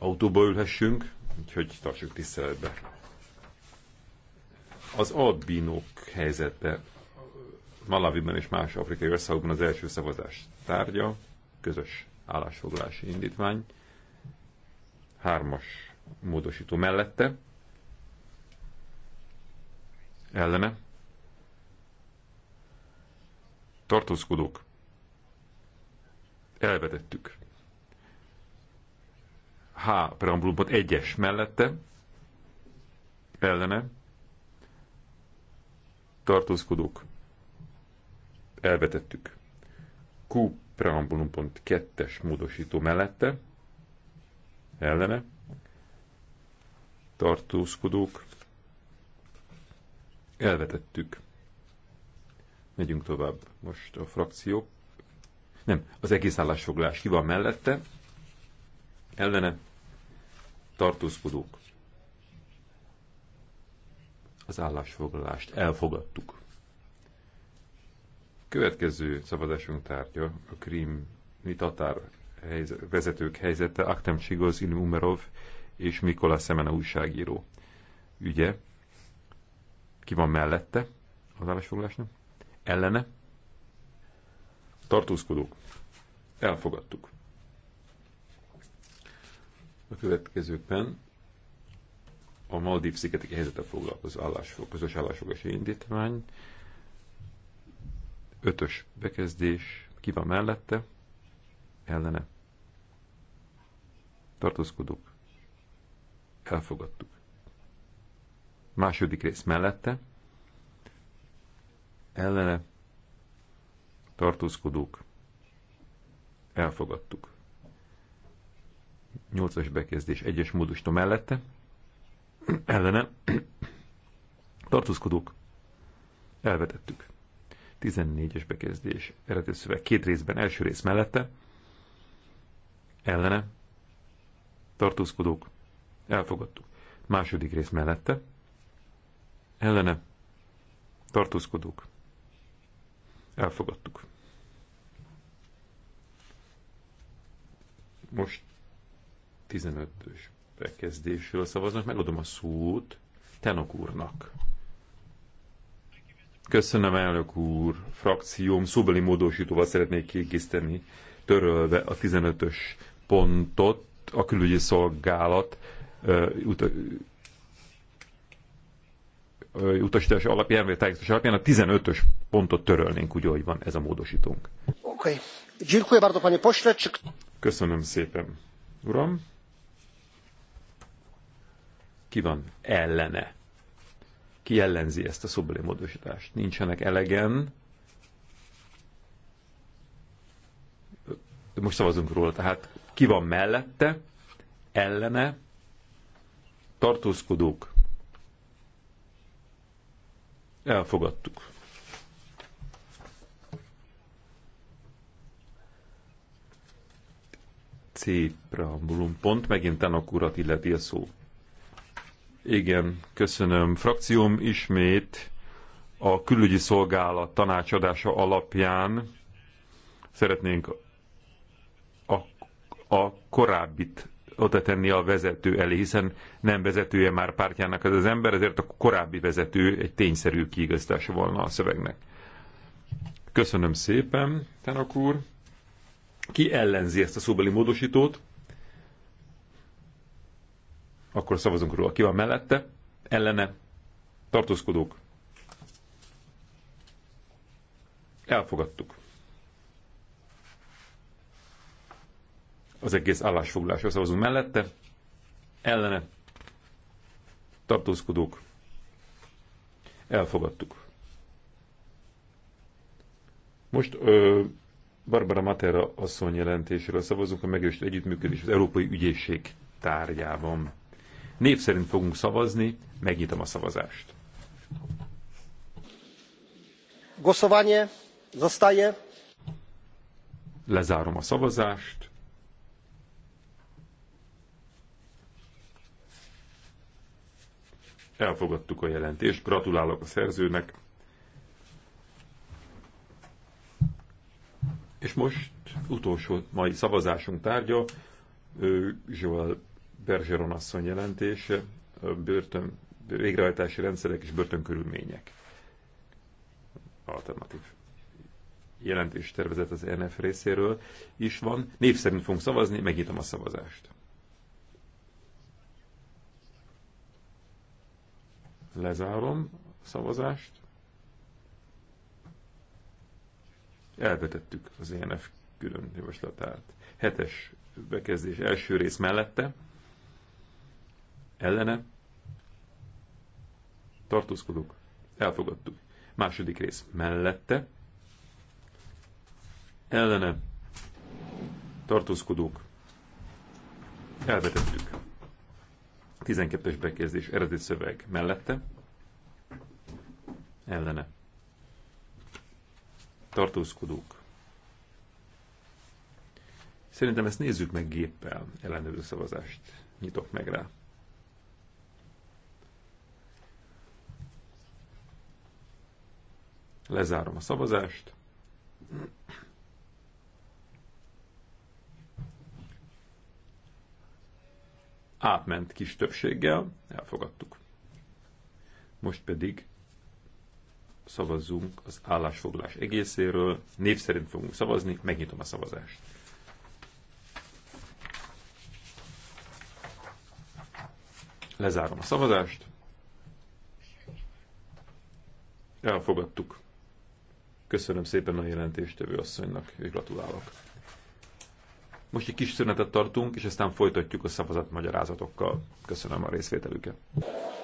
autóba ülhessünk, úgyhogy tartsuk tiszteletbe. Az albinók helyzete Malaviben és más afrikai országokban az első szavazás tárgya, közös állásfoglalási indítvány, hármas módosító mellette, ellene, tartózkodók, elvetettük. H preambulumban egyes mellette, ellene, tartózkodók, elvetettük. Q pont kettes módosító mellette, ellene, tartózkodók, elvetettük. Megyünk tovább most a frakciók. Nem, az egész állásfoglalás ki van mellette, ellene tartózkodók. Az állásfoglalást elfogadtuk. Következő szavazásunk tárgya a krími tatár helyze, vezetők helyzete Aktem Csigozin Umerov és Mikola Szemene újságíró ügye. Ki van mellette az állásfoglalásnak? Ellene? Tartózkodók. Elfogadtuk. A következőkben a Maldív szigeti helyzete foglalkozó állásfog, közös állásfogás indítvány, ötös bekezdés, ki van mellette, ellene. Tartózkodók. Elfogadtuk. Második rész mellette, ellene. Tartózkodók. Elfogadtuk. 8-as bekezdés egyes módusta mellette, ellene tartózkodók elvetettük. 14-es bekezdés eredeti szöveg két részben, első rész mellette, ellene tartózkodók elfogadtuk. Második rész mellette, ellene tartózkodók elfogadtuk. Most 15-ös bekezdésről szavaznak. Megadom a szót Tenok úrnak. Köszönöm, elnök úr. Frakcióm szóbeli módosítóval szeretnék kiegészíteni, törölve a 15-ös pontot a külügyi szolgálat uh, utasítás alapján, vagy tájékoztatás alapján a 15-ös pontot törölnénk, úgy, ahogy van ez a módosítónk. Oké. Okay. Köszönöm szépen, uram. Ki van ellene? Ki ellenzi ezt a szobeli módosítást? Nincsenek elegen. Most szavazunk róla, tehát ki van mellette, ellene, tartózkodók, elfogadtuk. Cipra, preambulum pont, megint Tanok urat illeti a szó. Igen, köszönöm. Frakcióm ismét a külügyi szolgálat tanácsadása alapján szeretnénk a, a korábbit oda tenni a vezető elé, hiszen nem vezetője már pártjának ez az ember, ezért a korábbi vezető egy tényszerű kiigazítása volna a szövegnek. Köszönöm szépen, Tanak úr. Ki ellenzi ezt a szóbeli módosítót? Akkor szavazunk róla. Ki van mellette? Ellene? Tartózkodók? Elfogadtuk. Az egész állásfoglalásra szavazunk mellette. Ellene? Tartózkodók? Elfogadtuk. Most ö, Barbara Matera asszony jelentéséről szavazunk a megerősített együttműködés az Európai Ügyészség tárgyában. Név szerint fogunk szavazni, megnyitom a szavazást. Głosowanie zostaje. Lezárom a szavazást. Elfogadtuk a jelentést, gratulálok a szerzőnek. És most utolsó mai szavazásunk tárgya, Joel Bergeron asszony jelentése, a börtön, végrehajtási rendszerek és börtönkörülmények. Alternatív jelentés tervezet az e NF részéről is van. Név szerint fogunk szavazni, megnyitom a szavazást. Lezárom a szavazást. Elvetettük az ENF külön javaslatát. Hetes bekezdés első rész mellette ellene tartózkodunk, elfogadtuk. Második rész mellette ellene tartózkodók elvetettük. 12-es bekezdés eredeti szöveg mellette ellene tartózkodók Szerintem ezt nézzük meg géppel, ellenőrző szavazást nyitok meg rá. Lezárom a szavazást. Átment kis többséggel, elfogadtuk. Most pedig szavazzunk az állásfoglalás egészéről, név szerint fogunk szavazni, megnyitom a szavazást. Lezárom a szavazást. Elfogadtuk. Köszönöm szépen a jelentéstevő asszonynak, és gratulálok. Most egy kis szünetet tartunk, és aztán folytatjuk a szavazatmagyarázatokkal. Köszönöm a részvételüket.